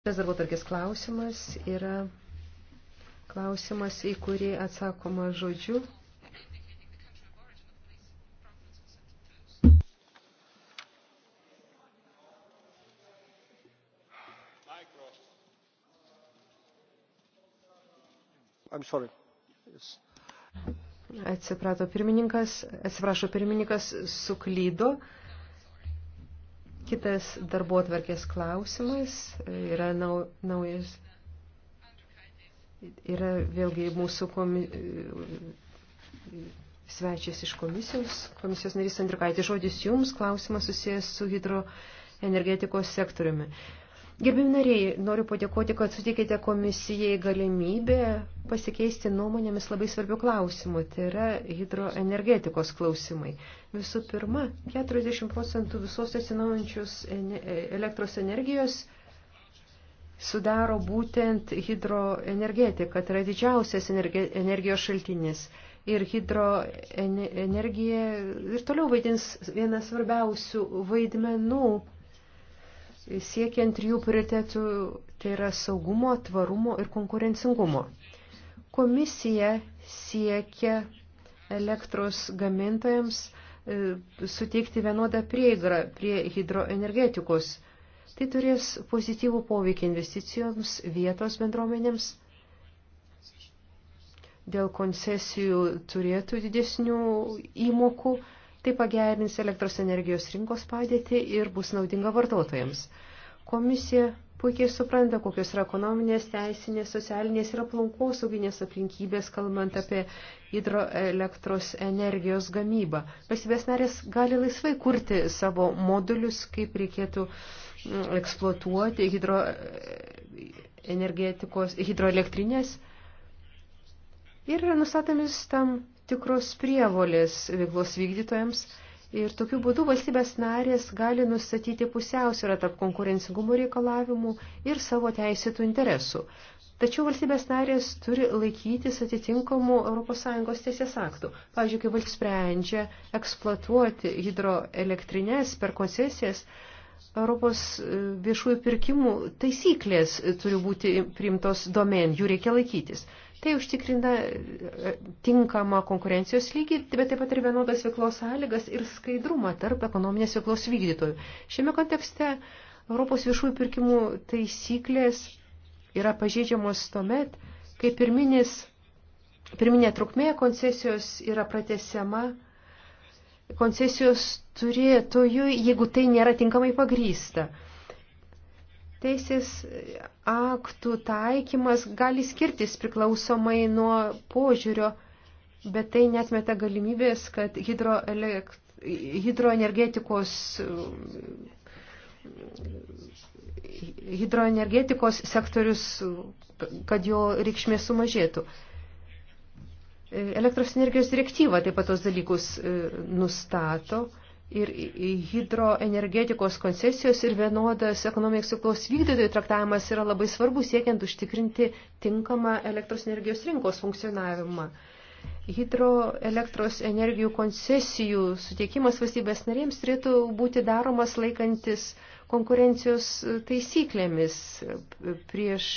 Tas darbo tarkis klausimas yra klausimas, į kurį atsakoma žodžiu. I'm sorry. Yes. Atsiprato pirmininkas, atsiprašo pirmininkas, suklydo. Kitas darbo atvarkės klausimas e, yra nau, naujas. Yra vėlgi mūsų komi... E, svečias iš komisijos, komisijos narys Andriukaitis. Žodis jums, klausimas susijęs su hidroenergetikos sektoriumi. Gerbimi nariai, noriu padėkoti, kad sutikėte komisijai galimybę pasikeisti nuomonėmis labai svarbių klausimų, tai yra hidroenergetikos klausimai. Visų pirma, 40 procentų visos atsinaujančios e, elektros energijos sudaro būtent hidroenergetika, tai yra didžiausias energijos šaltinis. Ir hidroenergija ir toliau vaidins vienas svarbiausių vaidmenų siekiant trijų prioritetų, tai yra saugumo, tvarumo ir konkurencingumo. Komisija siekia elektros gamintojams e, suteikti vienodą prieigą prie hidroenergetikos. Tai turės pozityvų poveikį investicijoms vietos bendruomenėms. Dėl koncesijų turėtų didesnių įmokų Tai pagerins elektros energijos rinkos padėtį ir bus naudinga vartotojams. Komisija puikiai supranta, kokios yra ekonominės, teisinės, socialinės ir aplinkosauginės aplinkybės, kalbant apie hidroelektros energijos gamybą. Pasibės narės gali laisvai kurti savo modulius, kaip reikėtų mm, eksploatuoti hidro, energetikos hidroelektrinės. Ir yra nustatomis tam tikros prievolės veiklos vykdytojams ir tokiu būdu valstybės narės gali nustatyti pusiausvyrą tarp konkurencingumo reikalavimų ir savo teisėtų interesų. Tačiau valstybės narės turi laikytis atitinkamų ES teisės aktų. Pavyzdžiui, kai valstybė sprendžia eksploatuoti hidroelektrinės per koncesijas, Europos e, viešųjų pirkimų taisyklės turi būti priimtos domen, jų reikia laikytis. Tai užtikrina e, tinkamą konkurencijos lygį, bet taip pat ir vienodas veiklos sąlygas ir skaidrumą tarp ekonominės veiklos vykdytojų. Šiame kontekste Europos viešųjų pirkimų taisyklės yra pažeidžiamos tuomet, kai pirminis, pirminė trukmė koncesijos yra pratesiama koncesijos turėtojui, jeigu tai nėra tinkamai pagrysta. Teisės aktų taikymas gali skirtis priklausomai nuo požiūrio, bet tai netmeta galimybės, kad hidroelekt... hidroenergetikos hidroenergetikos sektorius, kad jo reikšmė sumažėtų. Elektros energijos direktyva taip pat tos dalykus e, nustato ir hidroenergetikos koncesijos ir vienodas ekonomikos veiklos vykdytojų traktavimas yra labai svarbus siekiant užtikrinti tinkamą elektros energijos rinkos funkcionavimą. Hidroelektros energijų koncesijų suteikimas valstybės narėms turėtų būti daromas laikantis konkurencijos taisyklėmis prieš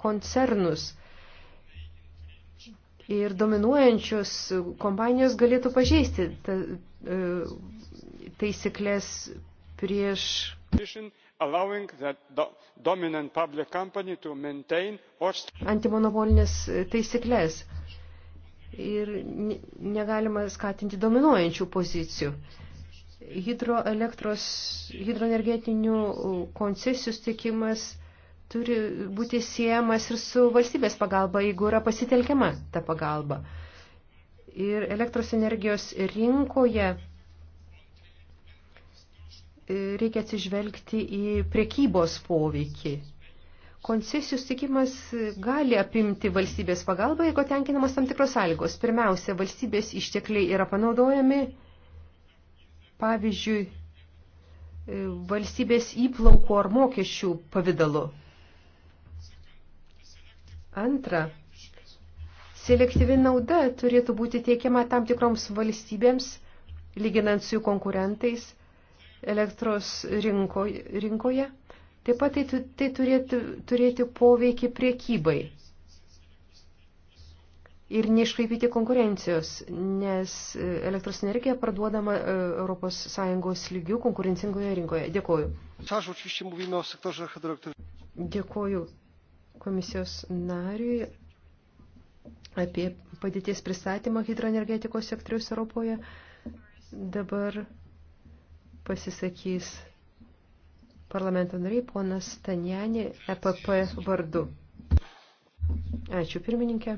koncernus. Ir dominuojančios kompanijos galėtų pažeisti E, taisyklės prieš allowing that dominant public company to maintain or antimonopolinės taisyklės ir negalima skatinti dominuojančių pozicijų. Hidroelektros, hidroenergetinių koncesijų stikimas turi būti siejamas ir su valstybės pagalba, jeigu yra pasitelkiama ta pagalba. Ir elektros energijos rinkoje e, reikia atsižvelgti į prekybos poveikį. Koncesijų sutikimas gali apimti valstybės pagalbą, jeigu tenkinamas tam tikros sąlygos. Pirmiausia, valstybės ištekliai yra panaudojami, pavyzdžiui, e, valstybės įplaukų ar mokesčių pavydalu. Antra, Selektyvi nauda turėtų būti tiekiama tam tikroms valstybėms, lyginant su jų konkurentais elektros rinko, rinkoje. Taip pat tai, tai turėtų turėti poveikį priekybai ir neiškaipyti konkurencijos, nes e, elektros energija parduodama ES lygių konkurencingoje rinkoje. Dėkoju. Dėkoju komisijos nariui apie padėties pristatymą hidroenergetikos sektoriaus Europoje. Dabar pasisakys parlamento nariai ponas Tanjani EPP vardu. Ačiū pirmininkė.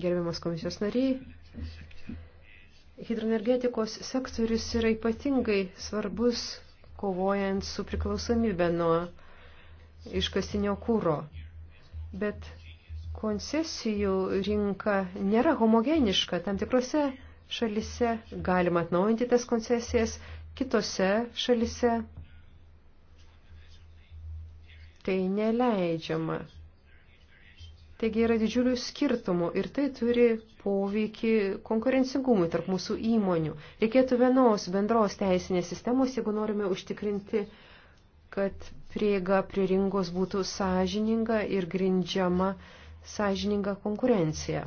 Gerbiamas komisijos nariai. Hidroenergetikos sektorius yra ypatingai svarbus kovojant su priklausomybė nuo iškasinio kūro. Bet Koncesijų rinka nėra homogeniška. Tam tikrose šalise galima atnaujinti tas koncesijas, kitose šalise tai neleidžiama. Taigi yra didžiulių skirtumų ir tai turi poveikį konkurencingumui tarp mūsų įmonių. Reikėtų vienos bendros teisinės sistemos, jeigu norime užtikrinti, kad prieiga prie rinkos būtų sąžininga ir grindžiama uh, sąžiningą konkurenciją.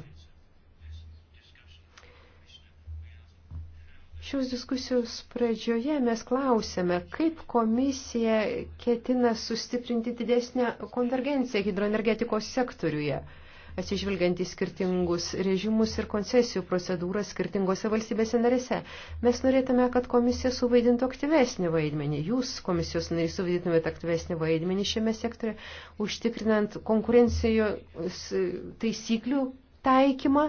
Šios diskusijos pradžioje mes klausėme, kaip komisija ketina sustiprinti didesnę konvergenciją hidroenergetikos sektoriuje atsižvelgiant į skirtingus režimus ir koncesijų procedūras skirtingose valstybėse narėse. Mes norėtume, kad komisija suvaidintų aktyvesnį vaidmenį. Jūs, komisijos nariai, suvaidintumėte aktyvesnį vaidmenį šiame sektorė, užtikrinant konkurencijos taisyklių taikymą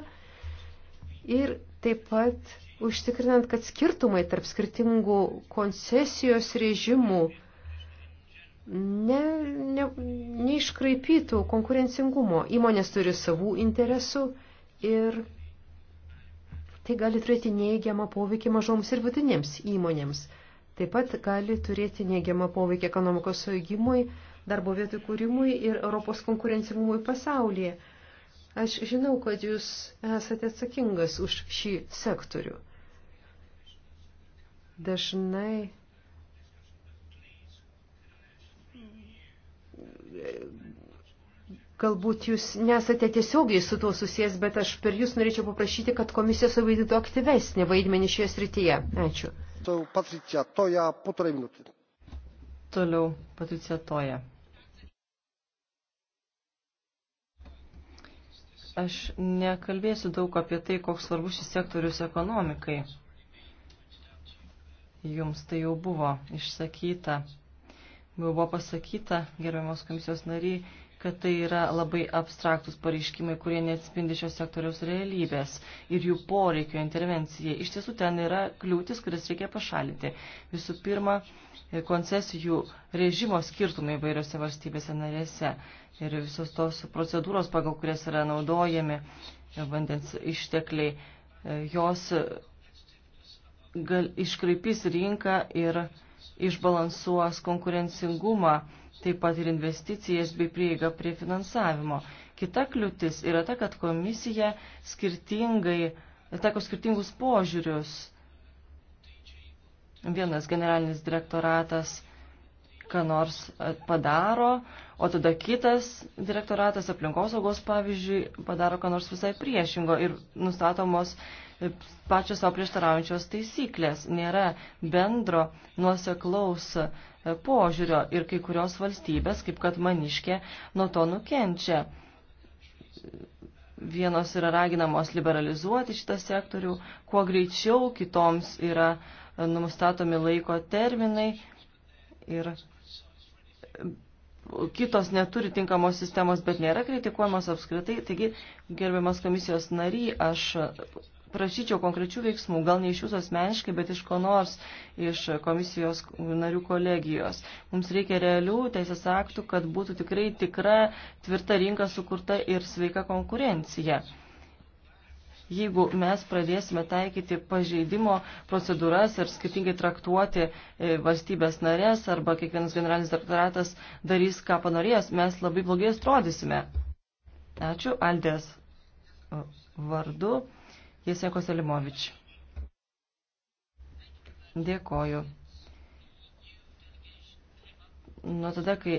ir taip pat užtikrinant, kad skirtumai tarp skirtingų koncesijos režimų ne, ne, neiškraipytų konkurencingumo. Įmonės turi savų interesų ir tai gali turėti neigiamą poveikį mažoms ir vidinėms įmonėms. Taip pat gali turėti neigiamą poveikį ekonomikos saugimui, darbo vietų kūrimui ir Europos konkurencingumui pasaulyje. Aš žinau, kad jūs esate atsakingas už šį sektorių. Dažnai galbūt jūs nesate tiesiogiai su tuo susijęs, bet aš per jūs norėčiau paprašyti, kad komisija suvaidintų aktyvesnį vaidmenį šioje srityje. Ačiū. Patricija Toja, putorai minutė. Toliau, Patricija Toja. Aš nekalbėsiu daug apie tai, koks svarbus šis sektorius ekonomikai. Jums tai jau buvo išsakyta buvo pasakyta, gerbiamos komisijos nariai, kad tai yra labai abstraktus pareiškimai, kurie neatspindi šios sektoriaus realybės ir jų poreikio intervencijai. Iš tiesų ten yra kliūtis, kuris reikia pašalinti. Visų pirma, koncesijų režimo skirtumai vairiose valstybėse narėse ir visos tos procedūros, pagal kurias yra naudojami vandens ištekliai, e, jos gal, iškraipys rinką ir išbalansuos konkurencingumą, taip pat ir investicijas bei prieigą prie finansavimo. Kita kliūtis yra ta, kad komisija skirtingai, taiko skirtingus požiūrius. Vienas generalinis direktoratas ką nors e, padaro, o tada kitas direktoratas aplinkosaugos, pavyzdžiui, padaro ką nors visai priešingo ir nustatomos e, pačios savo prieštaraujančios taisyklės. Nėra bendro nuoseklaus e, požiūrio ir kai kurios valstybės, kaip kad maniškė, nuo to nukenčia. Vienos yra raginamos liberalizuoti šitą sektorių, kuo greičiau kitoms yra numstatomi laiko terminai ir kitos neturi tinkamos sistemos, bet nėra kritikuojamos apskritai. Taigi, gerbiamas komisijos nary, aš prašyčiau konkrečių veiksmų, gal ne iš jūsų asmeniškai, bet iš ko nors iš komisijos narių kolegijos. Mums reikia realių teisės aktų, kad būtų tikrai tikra tvirta rinka sukurta ir sveika konkurencija jeigu mes pradėsime taikyti pažeidimo procedūras ir skirtingai traktuoti e, valstybės narės arba kiekvienas generalinis direktoratas darys, ką panorės, mes labai blogai atrodysime. Ačiū, Aldės e, vardu, Jesenko Selimovič. Dėkoju nuo tada, kai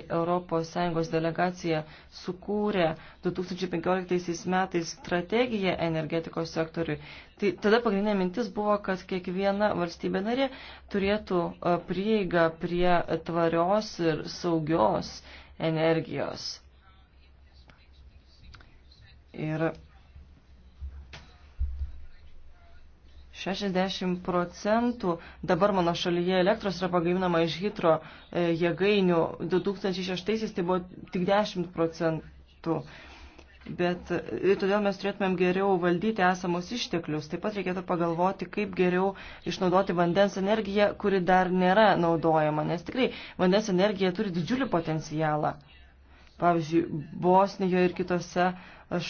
ES delegacija sukūrė 2015 metais strategiją energetikos sektoriui, tai tada pagrindinė mintis buvo, kad kiekviena valstybė narė turėtų e, prieigą prie tvarios ir saugios energijos. Ir 60 procentų dabar mano šalyje elektros yra pagaminama iš hitro e, jėgainių, 2006 tai buvo tik 10 procentų. Bet e, todėl mes turėtumėm geriau valdyti esamus išteklius. Taip pat reikėtų pagalvoti, kaip geriau išnaudoti vandens energiją, kuri dar nėra naudojama, nes tikrai vandens energija turi didžiulį potencialą. Pavyzdžiui, Bosnijoje ir kitose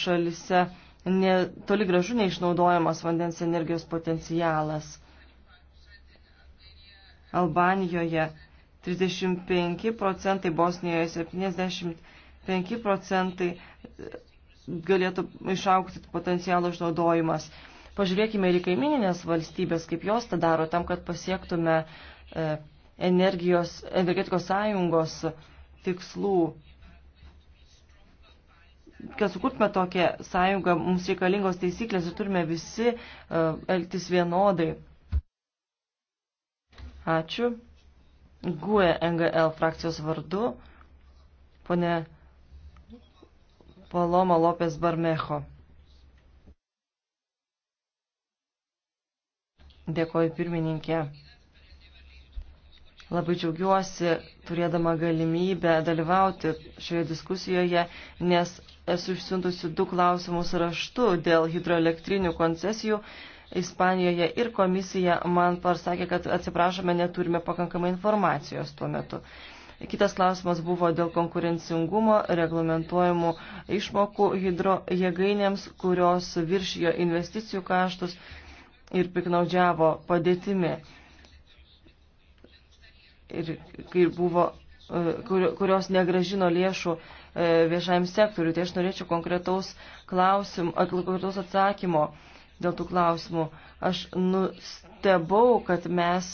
šalise ne, toli gražu neišnaudojamas vandens energijos potencialas. Albanijoje 35 procentai, Bosnijoje 75 procentai e, galėtų išaukti potencialo išnaudojimas. Pažiūrėkime ir į kaimininės valstybės, kaip jos tą daro, tam, kad pasiektume e, energijos, energetikos sąjungos tikslų kad sukurtume tokią sąjungą, mums reikalingos taisyklės ir turime visi uh, elgtis vienodai. Ačiū. GUE NGL frakcijos vardu, ponė Paloma Lopės Barmecho. Dėkoju pirmininkė. Labai džiaugiuosi turėdama galimybę dalyvauti šioje diskusijoje, nes esu išsiuntusi du klausimus raštu dėl hidroelektrinių koncesijų Ispanijoje ir komisija man pasakė, kad atsiprašome, neturime pakankamai informacijos tuo metu. Kitas klausimas buvo dėl konkurencingumo reglamentuojamų išmokų hidrojėgainėms, kurios viršijo investicijų kaštus ir piknaudžiavo padėtimi ir kai buvo e, kurios negražino lėšų e, viešajam sektoriu. Tai aš norėčiau konkretaus, klausim, konkretaus atsakymo dėl tų klausimų. Aš nustebau, kad mes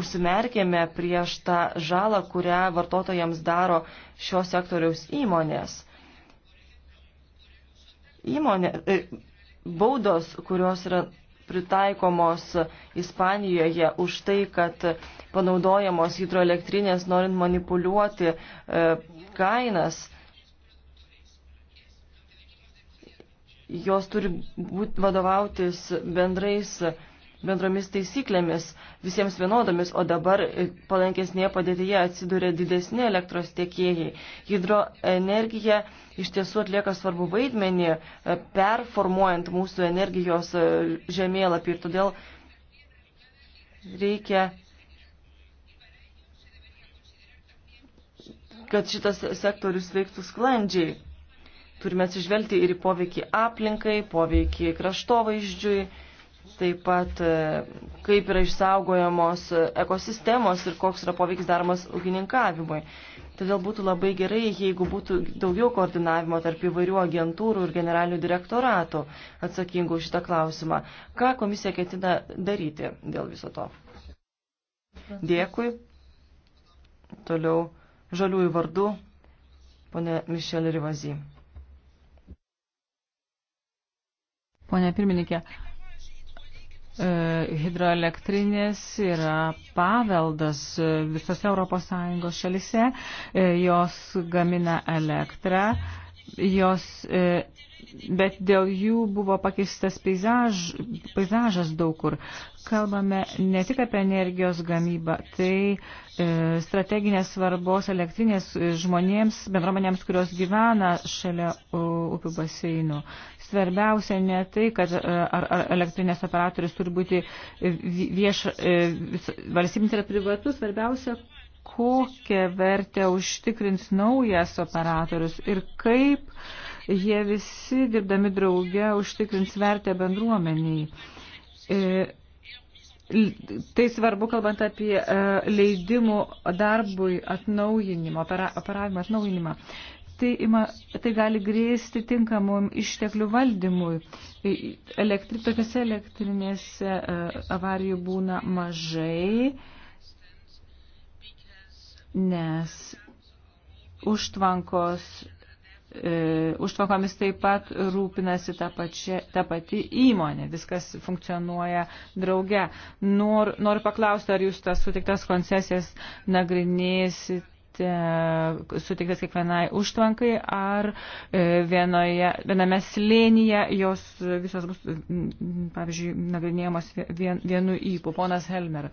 užsimerkėme prieš tą žalą, kurią vartotojams daro šio sektoriaus įmonės. Įmonė, e, baudos, kurios yra pritaikomos Ispanijoje už tai, kad panaudojamos hidroelektrinės norint manipuliuoti e, kainas. Jos turi būti vadovautis bendrais bendromis taisyklėmis, visiems vienodomis, o dabar palankesnėje padėtyje atsiduria didesni elektros tiekėjai. Hidroenergija iš tiesų atlieka svarbu vaidmenį, e, performuojant mūsų energijos e, žemėlapį ir todėl reikia kad šitas sektorius veiktų sklandžiai. Turime atsižvelgti ir į poveikį aplinkai, poveikį kraštovaizdžiui, taip pat e, kaip yra išsaugojamos ekosistemos ir koks yra poveikis daromas ūkininkavimui. Todėl būtų labai gerai, jeigu būtų daugiau koordinavimo tarp įvairių agentūrų ir generalinių direktoratų atsakingų šitą klausimą. Ką komisija ketina daryti dėl viso to? Dėkui. Toliau žaliųjų vardu, ponė Mišelė Rivazy. Pone pirmininkė, E, hidroelektrinės yra paveldas visose ES šalise, e, jos gamina elektrą jos, e, bet dėl jų buvo pakeistas peizaž, peizažas daug kur. Kalbame ne tik apie energijos gamybą, tai e, strateginės svarbos elektrinės žmonėms, bendruomenėms, kurios gyvena šalia upių baseinų. Svarbiausia ne tai, kad e, ar, ar elektrinės operatorius turi būti vieš, valstybinis yra privatus, svarbiausia, kokią vertę užtikrins naujas operatorius ir kaip jie visi dirbdami drauge užtikrins vertę bendruomeniai. E, tai svarbu, kalbant apie e, leidimų darbui atnaujinimą, operavimą atnaujinimą. Tai, ima, tai gali grėsti tinkamum išteklių valdymui. E, elektri, tokiose elektrinėse avarijų būna mažai nes užtvankos, e, užtvankomis taip pat rūpinasi ta, pačia, ta pati įmonė, viskas funkcionuoja drauge. Nor, noriu paklausti, ar jūs tas sutiktas koncesijas nagrinėsite E, suteiktas kiekvienai užtvankai, ar e, vienoje, viename slėnyje jos visos bus, pavyzdžiui, nagrinėjamos vien, vienu įpu. Ponas Helmer,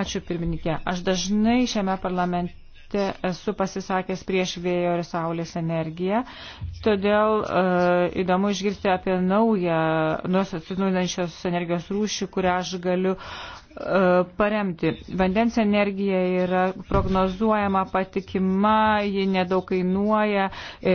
ačiū pirmininkė. Aš dažnai šiame parlamente esu pasisakęs prieš vėjo ir saulės energiją, todėl e, įdomu išgirsti apie naują nuo atsinaujinančios energijos rūšį, kurią aš galiu paremti. Vandens energija yra prognozuojama patikima, ji nedaug kainuoja, e,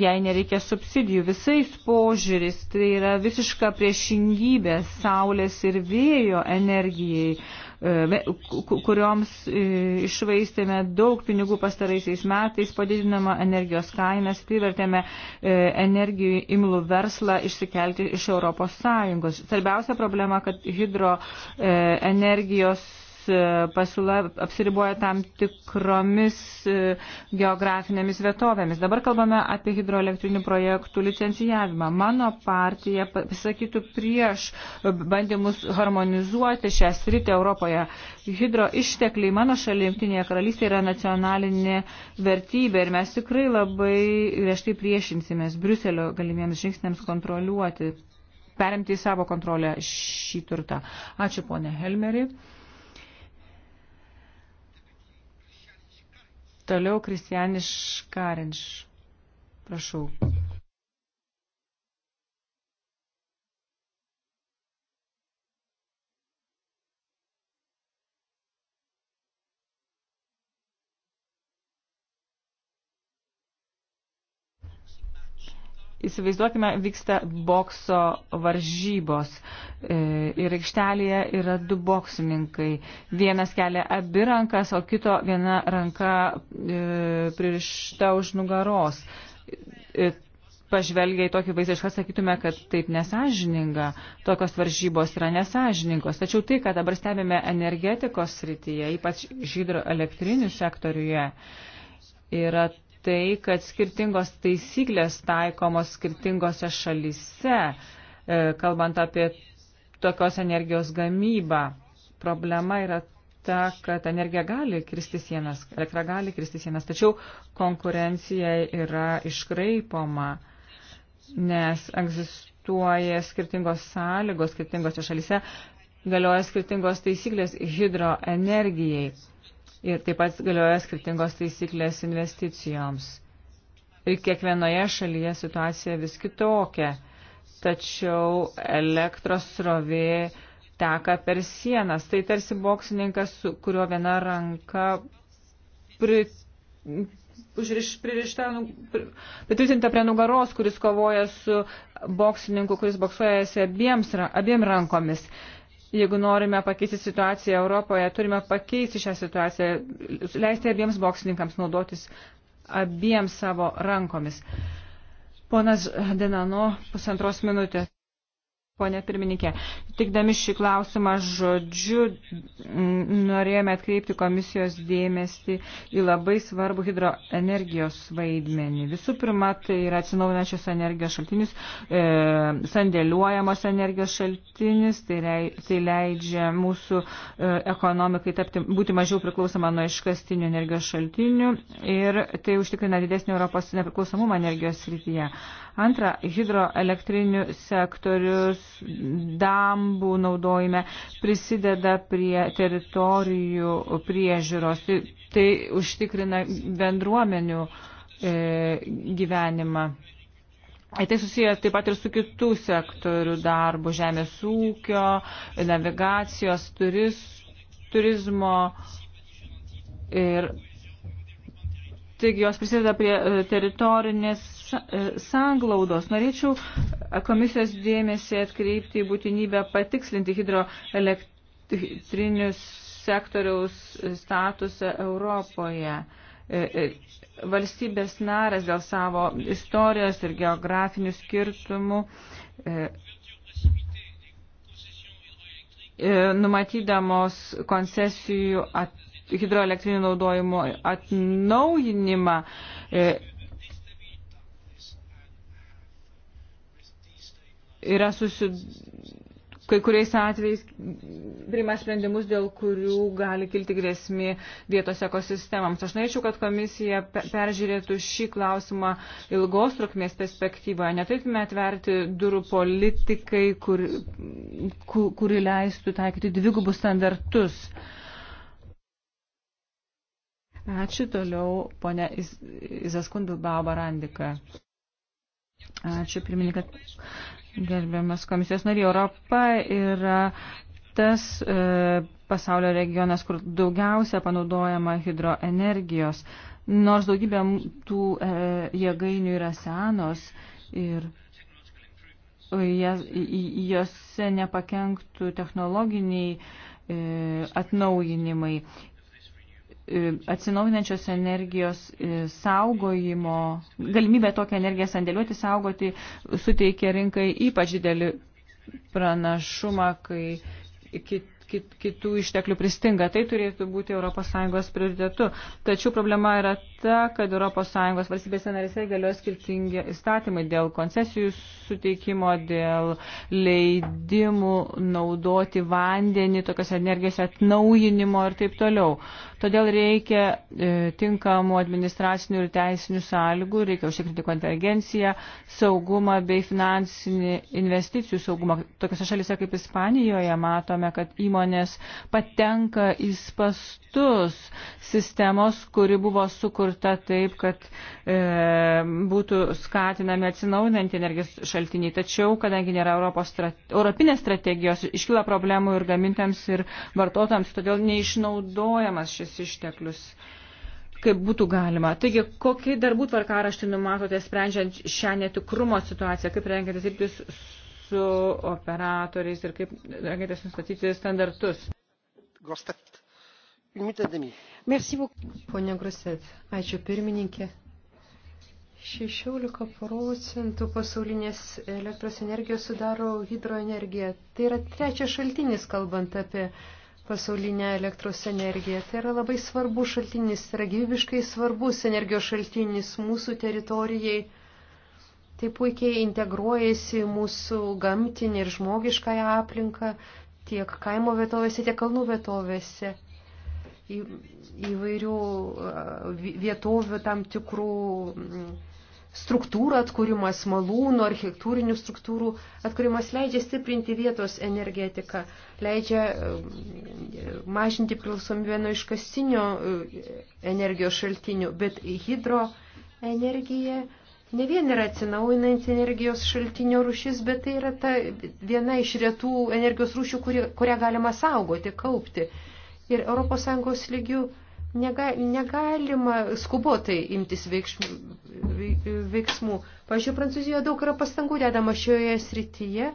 jai nereikia subsidijų. Visais požiūris tai yra visiška priešingybė saulės ir vėjo energijai kurioms e, išvaistėme daug pinigų pastaraisiais metais, padidinama energijos kainas, privertėme e, energijų imlų verslą išsikelti iš Europos Sąjungos. Svarbiausia problema, kad hidroenergijos e, E, pasiūla apsiriboja tam tikromis e, geografinėmis vietovėmis. Dabar kalbame apie hidroelektrinių projektų licencijavimą. Mano partija pasakytų prieš bandymus harmonizuoti šią sritį Europoje. Hidro ištekliai mano šalia Junktinėje karalystėje yra nacionalinė vertybė ir mes tikrai labai griežtai priešinsimės Briuselio galimiems žingsniams kontroliuoti perimti į savo kontrolę šį turtą. Ačiū, ponė Helmeri. Toliau Kristianiš Karinš. Prašau. Įsivaizduokime, vyksta bokso varžybos e, ir aikštelėje yra du boksininkai. Vienas kelia abi rankas, o kito viena ranka e, pririšta už nugaros. E, Pažvelgiai tokį vaizdą iškart sakytume, kad taip nesažininga, tokios varžybos yra nesažiningos. Tačiau tai, ką dabar stebime energetikos srityje, ypač žydro elektrinių sektoriuje, yra tai, kad skirtingos taisyklės taikomos skirtingose šalise, e, kalbant apie tokios energijos gamybą. Problema yra ta, kad energija gali kristi sienas, elektra gali kristi sienas, tačiau konkurencija yra iškraipoma, nes egzistuoja skirtingos sąlygos skirtingose šalise, galioja skirtingos taisyklės hidroenergijai. Ir taip pat galioja skirtingos taisyklės investicijoms. Ir kiekvienoje šalyje situacija vis kitokia. Tačiau elektros srovė teka per sienas. Tai tarsi boksininkas, su kurio viena ranka pri, pririšta, nu, pri, pritvirtinta prie nugaros, kuris kovoja su boksininku, kuris boksuojasi abiems, abiem rankomis. Jeigu norime pakeisti situaciją Europoje, turime pakeisti šią situaciją, leisti abiems boksininkams naudotis abiems savo rankomis. Ponas Denano, pusantros minutės. Pone pirmininkė, tikdami šį klausimą žodžiu, norėjome atkreipti komisijos dėmesį į labai svarbų hidroenergijos vaidmenį. Visų pirma, tai yra atsinaujinančios energijos šaltinis, e, sandėliuojamos energijos šaltinis, tai, rei, tai leidžia mūsų e, ekonomikai tapti, būti mažiau priklausoma nuo iškastinių energijos šaltinių ir tai užtikrina didesnį Europos nepriklausomumą energijos srityje. E, Antra, hidroelektrinių sektorius dambų naudojime prisideda prie teritorijų priežiūros. Tai, tai užtikrina bendruomenių e, gyvenimą. E, tai susiję taip pat ir su kitų sektorių darbu, žemės ūkio, navigacijos, turis, turizmo ir taigi jos prisideda prie e, teritorinės e, sanglaudos. Norėčiau komisijos dėmesį atkreipti į būtinybę patikslinti hidroelektrinius sektoriaus statusą Europoje. E, valstybės naras dėl savo istorijos ir geografinių skirtumų numatydamos koncesijų at hidroelektrinių naudojimo atnaujinimą. E, yra susid... Kai kuriais atvejais priima sprendimus, dėl kurių gali kilti grėsmi vietos ekosistemams. Aš norėčiau, kad komisija peržiūrėtų šį klausimą ilgos trukmės perspektyvoje. Neturėtume atverti durų politikai, kur, kur, kuri leistų taikyti dvigubus standartus. Uh, Ačiū toliau, ponė Iz Izaskundilbao Barandika. Ačiū, pirmininkai, gerbiamas komisijos nariai. Europa yra tas e, pasaulio regionas, kur daugiausia panaudojama hidroenergijos. Nors daugybė tų e, jėgainių yra senos ir jose nepakenktų technologiniai e, atnaujinimai. E, atsinaujinančios energijos e, saugojimo, galimybę tokią energiją sandėliuoti, saugoti, suteikia rinkai ypač didelį pranašumą, kai kit, kit, kitų išteklių pristinga. Tai turėtų būti ES prioritetu. Tačiau problema yra ta, kad ES valstybėse narėse galioja skirtingi įstatymai dėl koncesijų suteikimo, dėl leidimų naudoti vandenį, tokios energijos atnaujinimo ir taip toliau. Todėl reikia e, tinkamų administracinių ir teisinių sąlygų, reikia užtikrinti konvergenciją, saugumą bei finansinį investicijų saugumą. Tokiose šalise kaip Ispanijoje matome, kad įmonės patenka į spastus sistemos, kuri buvo sukurta taip, kad e, būtų skatinami atsinaujinantį energijos šaltiniai. Tačiau, kadangi nėra Europos strate, europinės strategijos, iškyla problemų ir gamintams, ir vartotojams, todėl neišnaudojamas šis žmogiškosius išteklius, kaip būtų galima. Taigi, kokį darbų tvarkaraštį numatote sprendžiant šią netikrumo situaciją, kaip rengiatės dirbtis su operatoriais ir kaip rengiatės nustatyti standartus? Gostet. Merci beaucoup. Pone Gruset, ačiū pirmininkė. 16 procentų pasaulinės elektros energijos sudaro hidroenergija. Tai yra trečias šaltinis, kalbant apie pasaulinę elektros energiją. Tai yra labai svarbus šaltinis, tai yra gyvybiškai svarbus energijos šaltinis mūsų teritorijai. Tai puikiai integruojasi mūsų gamtinį ir žmogiškąją aplinką tiek kaimo vietovėse, tiek kalnų vietovėse. Į, įvairių vietovių tam tikrų struktūrų atkūrimas, malūnų, architektūrinių struktūrų atkūrimas leidžia stiprinti vietos energetiką, leidžia um, mažinti priklausomybę nuo iškastinio uh, energijos šaltinių, bet hidroenergija ne vien yra atsinaujinanti energijos šaltinio rušis, bet tai yra ta viena iš retų energijos rūšių, kuri, kurią galima saugoti, kaupti. Ir ES lygių negalima skubotai imtis veiksmų, veiksmų. Pavyzdžiui, Prancūzijoje daug yra pastangų dedama šioje srityje,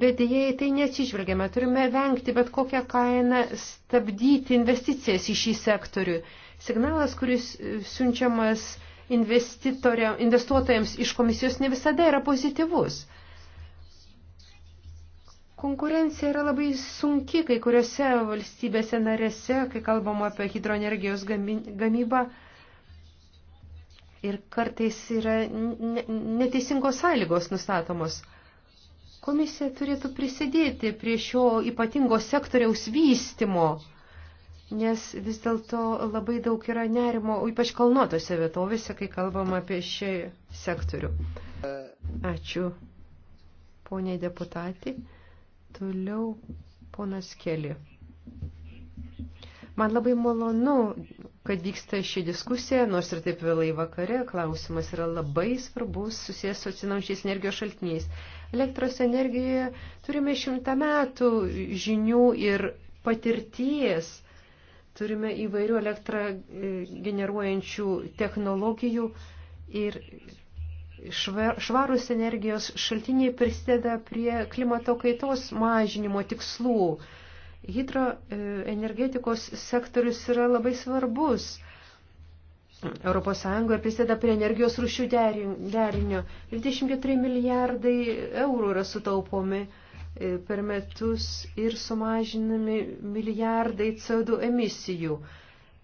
bet dėja į tai neatsižvelgiame. Turime vengti bet kokią kainą stabdyti investicijas į šį sektorių. Signalas, kuris e, siunčiamas investuotojams iš komisijos ne visada yra pozityvus. Konkurencija yra labai sunki kai kuriuose valstybėse narėse, kai kalbama apie hidroenergijos gamybą ir kartais yra neteisingos sąlygos nustatomos. Komisija turėtų prisidėti prie šio ypatingo sektoriaus vystimo, nes vis dėlto labai daug yra nerimo, ypač kalnuotose vietovėse, kai kalbam apie šį sektorių. Ačiū, poniai deputatį. Toliau ponas Keli. Man labai malonu kad vyksta ši diskusija, nors ir taip vėlai vakare, klausimas yra labai svarbus, susijęs su atsinaučiais energijos šaltiniais. Elektros energijoje turime šimtą metų žinių ir patirties, turime įvairių elektrą e, generuojančių technologijų ir švarus energijos šaltiniai prisideda prie klimato kaitos mažinimo tikslų. Hidroenergetikos sektorius yra labai svarbus. Europos Sąjungoje prisideda prie energijos rūšių derinio. 24 milijardai eurų yra sutaupomi e, per metus ir sumažinami milijardai CO2 emisijų.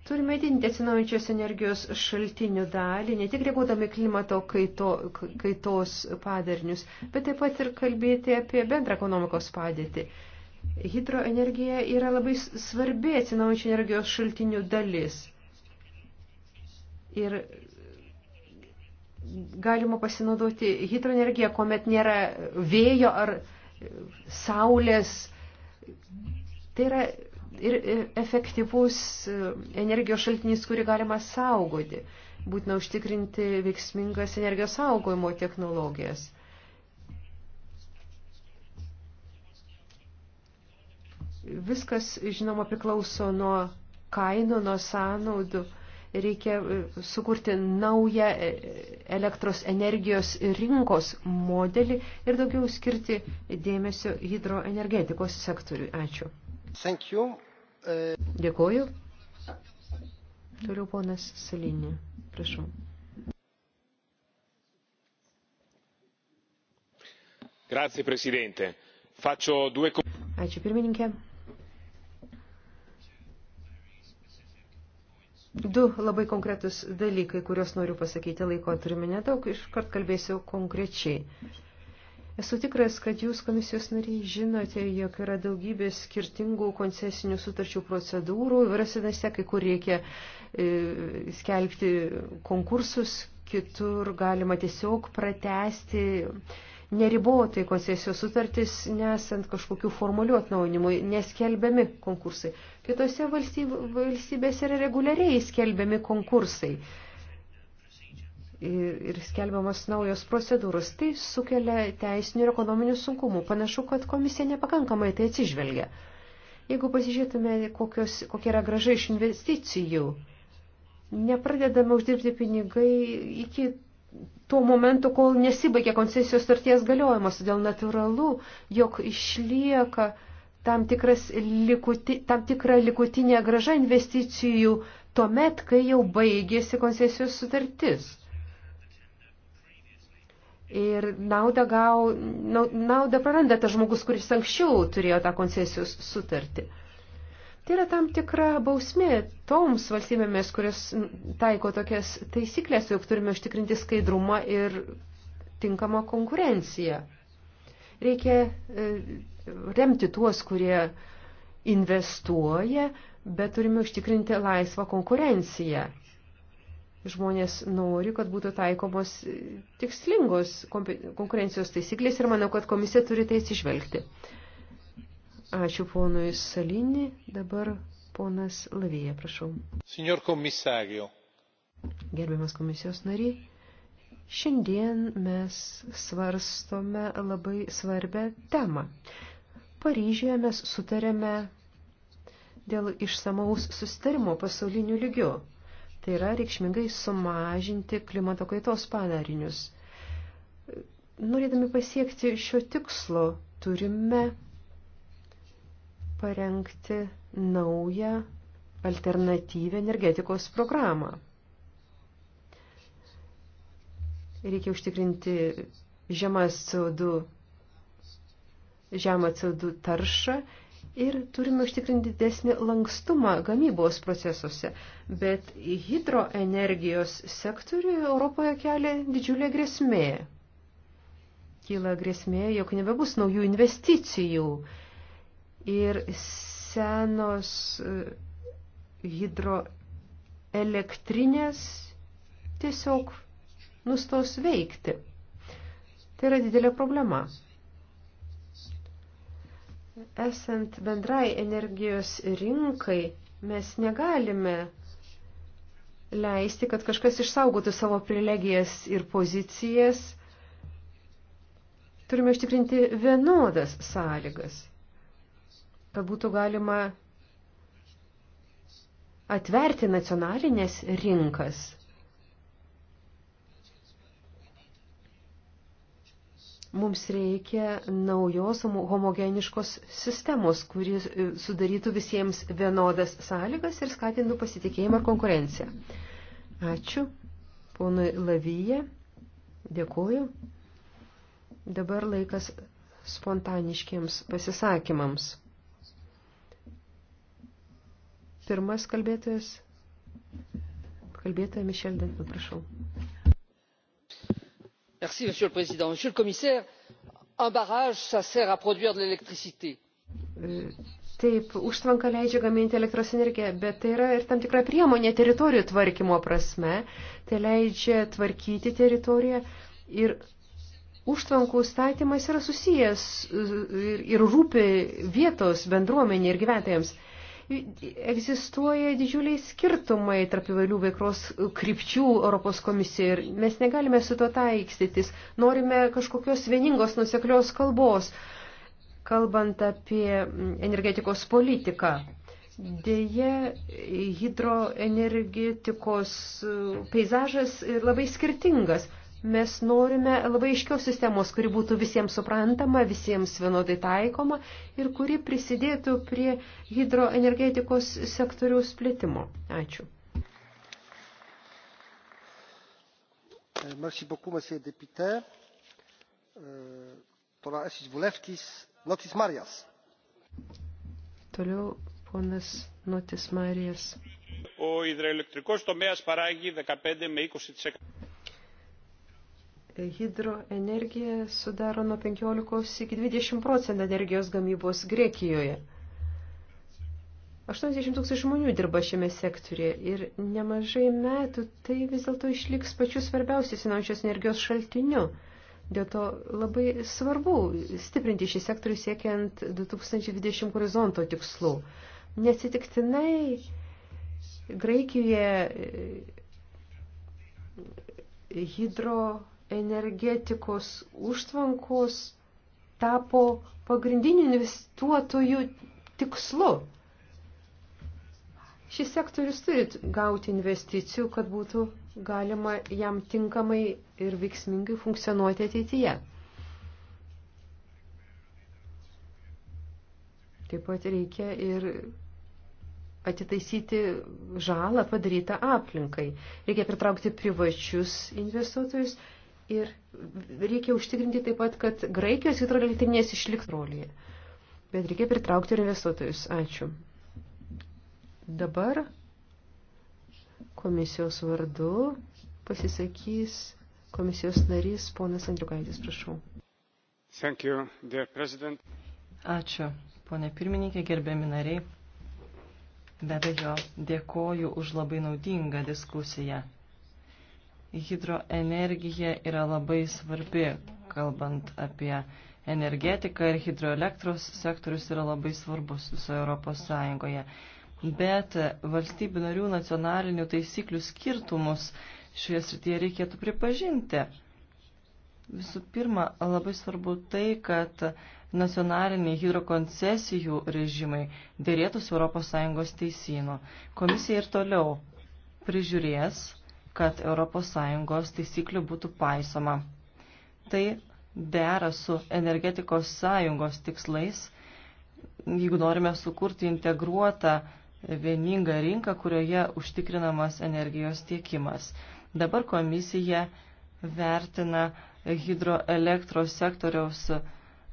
Turime didinti atsinaujančios energijos šaltinių dalį, ne tik reaguodami klimato kaito, kaitos padarnius, bet taip pat ir kalbėti apie bendrą ekonomikos padėtį. Hidroenergija yra labai svarbi atsinaujančių energijos šaltinių dalis. Ir galima pasinaudoti hidroenergiją, kuomet nėra vėjo ar saulės. Tai yra ir efektyvus e, energijos šaltinis, kurį galima saugoti. Būtina užtikrinti veiksmingas energijos saugojimo technologijas. Viskas, žinoma, priklauso nuo kainų, nuo sąnaudų. Reikia e, sukurti naują e, elektros energijos rinkos modelį ir daugiau skirti dėmesio hidroenergetikos sektoriui. Ačiū. Thank you. Uh... Dėkuoju. Toliau ponas Salinė. Prašau. Grazie, Presidente. Faccio due... Ačiū pirmininkė. Du labai konkretus dalykai, kuriuos noriu pasakyti, laiko turime nedaug, iškart kalbėsiu konkrečiai. Esu tikras, kad jūs komisijos nariai žinote, jog yra daugybė skirtingų koncesinių sutarčių procedūrų, vyrasinėse, kai kur reikia e, skelbti konkursus, kitur galima tiesiog pratesti. E, neribotai koncesijos sutartys, nesant kažkokių formalių atnaujinimų, neskelbiami konkursai. Kitose valstybėse yra reguliariai skelbiami konkursai ir skelbiamas naujos procedūros. Tai sukelia teisinių ir ekonominių sunkumų. Panašu, kad komisija nepakankamai tai atsižvelgia. Jeigu pasižiūrėtume, kokios, kokia yra graža iš investicijų, nepradedame uždirbti pinigai iki tuo momentu, kol nesibaigia koncesijos starties galiojimas. Todėl natūralu, jog išlieka tam, tikras, likuti, tam tikra likutinė graža investicijų tuo met, kai jau baigėsi koncesijos sutartis. Ir naudą, gau, naudą praranda tas žmogus, kuris anksčiau turėjo tą koncesijos sutartį. Tai yra tam tikra bausmė toms valstybėmis, kurios taiko tokias taisyklės, jog turime užtikrinti skaidrumą ir tinkamą konkurenciją. Reikia e, remti tuos, kurie investuoja, bet turime užtikrinti laisvą konkurenciją. Žmonės nori, kad būtų taikomos e, tikslingos konkurencijos taisyklės ir manau, kad komisija turi tai atsižvelgti. Ačiū ponui Salinį. Dabar ponas Lavija, prašau. Signor komisario. Gerbiamas komisijos nariai, šiandien mes svarstome labai svarbę temą. Paryžioje mes sutarėme dėl išsamaus sustarimo pasaulinių lygių. Tai yra reikšmingai sumažinti klimato kaitos padarinius. Norėdami pasiekti šio tikslo, turime parengti naują alternatyvę energetikos programą. Reikia užtikrinti žemas CO2, žemą CO2 taršą ir turime užtikrinti didesnį lankstumą gamybos procesuose, bet hidroenergijos sektoriui Europoje kelia didžiulė grėsmė. Kyla grėsmė, jog nebebus naujų investicijų ir senos e, hidroelektrinės tiesiog nustos veikti. Tai yra didelė problema. Esant bendrai energijos rinkai, mes negalime leisti, kad kažkas išsaugotų savo privilegijas ir pozicijas. Turime ištikrinti vienodas sąlygas būtų galima atverti nacionalinės rinkas. Mums reikia naujos homogeniškos sistemos, kuri sudarytų visiems vienodas sąlygas ir skatintų pasitikėjimą ir konkurenciją. Ačiū, ponui Lavyje, dėkuoju. Dabar laikas spontaniškiems pasisakymams. Pirmas kalbėtojas, kalbėtoja Mišel Dentin, prašau. Merci, Monsieur le Président. Monsieur le Commissaire, un barrage, ça sert à produire de l'électricité. E, taip, užtvanka leidžia gaminti elektros energiją, bet tai yra ir tam tikra priemonė teritorijų tvarkymo prasme. Tai leidžia tvarkyti teritoriją ir užtvankų statymas yra susijęs e, ir rūpi vietos bendruomenė ir gyventojams egzistuoja didžiuliai skirtumai tarp įvairių veiklos krypčių Europos komisijoje ir mes negalime su tuo taikstytis. Norime kažkokios vieningos nuseklios kalbos, kalbant apie energetikos politiką. Deja, hidroenergetikos peizažas labai skirtingas. Mes norime labai iškios sistemos, kuri būtų visiems suprantama, visiems vienodai taikoma ir kuri prisidėtų prie hidroenergetikos sektoriaus plėtimo. Ačiū. E, merci beaucoup, monsieur député. E, tola esis Vulevkis, Notis Marijas. Toliau ponas Notis Marijas. O hidroelektrikos tomėjas paragi 15 με 20% hidroenergija sudaro nuo 15 iki 20 procentų energijos gamybos Grekijoje. 80 tūkstančių žmonių dirba šiame sektorėje ir nemažai metų tai vis dėlto išliks pačiu svarbiausiu sinaučios energijos šaltiniu. Dėl to labai svarbu stiprinti šį sektorių siekiant 2020 horizonto tikslų. Nesitiktinai Graikijoje hidro energetikos užtvankos tapo pagrindiniu investuotojų tikslu. Šis sektorius turi gauti investicijų, kad būtų galima jam tinkamai ir veiksmingai funkcionuoti ateityje. Taip pat reikia ir atitaisyti žalą padarytą aplinkai. Reikia pritraukti privačius investuotojus Ir reikia užtikrinti taip pat, kad Graikijos hidrolio elektrinės išliks rolėje. Bet reikia pritraukti ir investuotojus. Ačiū. Dabar komisijos vardu pasisakys komisijos narys ponas Andriukaitis, prašau. Thank you, dear president. Ačiū, ponė pirmininkė, gerbiami nariai. Be abejo, dėkoju už labai naudingą diskusiją hidroenergija yra labai svarbi, kalbant apie energetiką ir hidroelektros sektorius yra labai svarbus visoje Europos Sąjungoje. Bet valstybių narių nacionalinių taisyklių skirtumus šioje srityje reikėtų pripažinti. Visų pirma, labai svarbu tai, kad nacionaliniai hidrokoncesijų režimai dėrėtų su ES teisynu. Komisija ir toliau prižiūrės kad ES taisyklių būtų paisoma. Tai dera su energetikos sąjungos tikslais, jeigu norime sukurti integruotą vieningą rinką, kurioje užtikrinamas energijos tiekimas. Dabar komisija vertina hidroelektros sektoriaus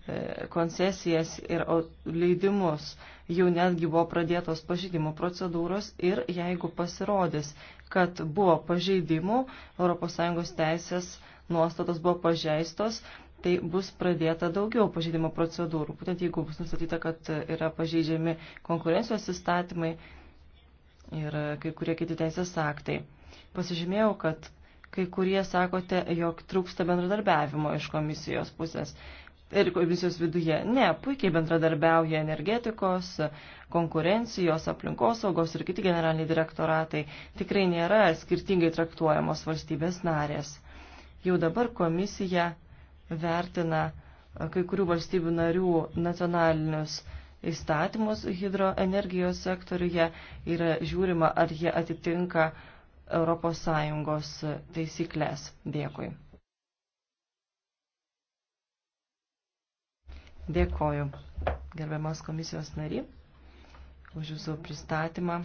E, koncesijas ir leidimus. Jau netgi buvo pradėtos pažydimo procedūros ir jeigu pasirodys, kad buvo pažeidimų, ES teisės nuostatos buvo pažeistos, tai bus pradėta daugiau pažeidimo procedūrų. Būtent jeigu bus nustatyta, kad yra pažeidžiami konkurencijos įstatymai ir kai kurie kiti teisės aktai. Pasižymėjau, kad kai kurie sakote, jog trūksta bendradarbiavimo iš komisijos pusės ir komisijos viduje. Ne, puikiai bendradarbiauja energetikos, konkurencijos, aplinkosaugos ir kiti generaliniai direktoratai. Tikrai nėra skirtingai traktuojamos valstybės narės. Jau dabar komisija vertina e, kai kurių valstybių narių nacionalinius įstatymus hidroenergijos sektoriuje ir žiūrima, ar jie atitinka ES taisyklės. Dėkui. Dėkoju, gerbiamas komisijos nari, už jūsų pristatymą.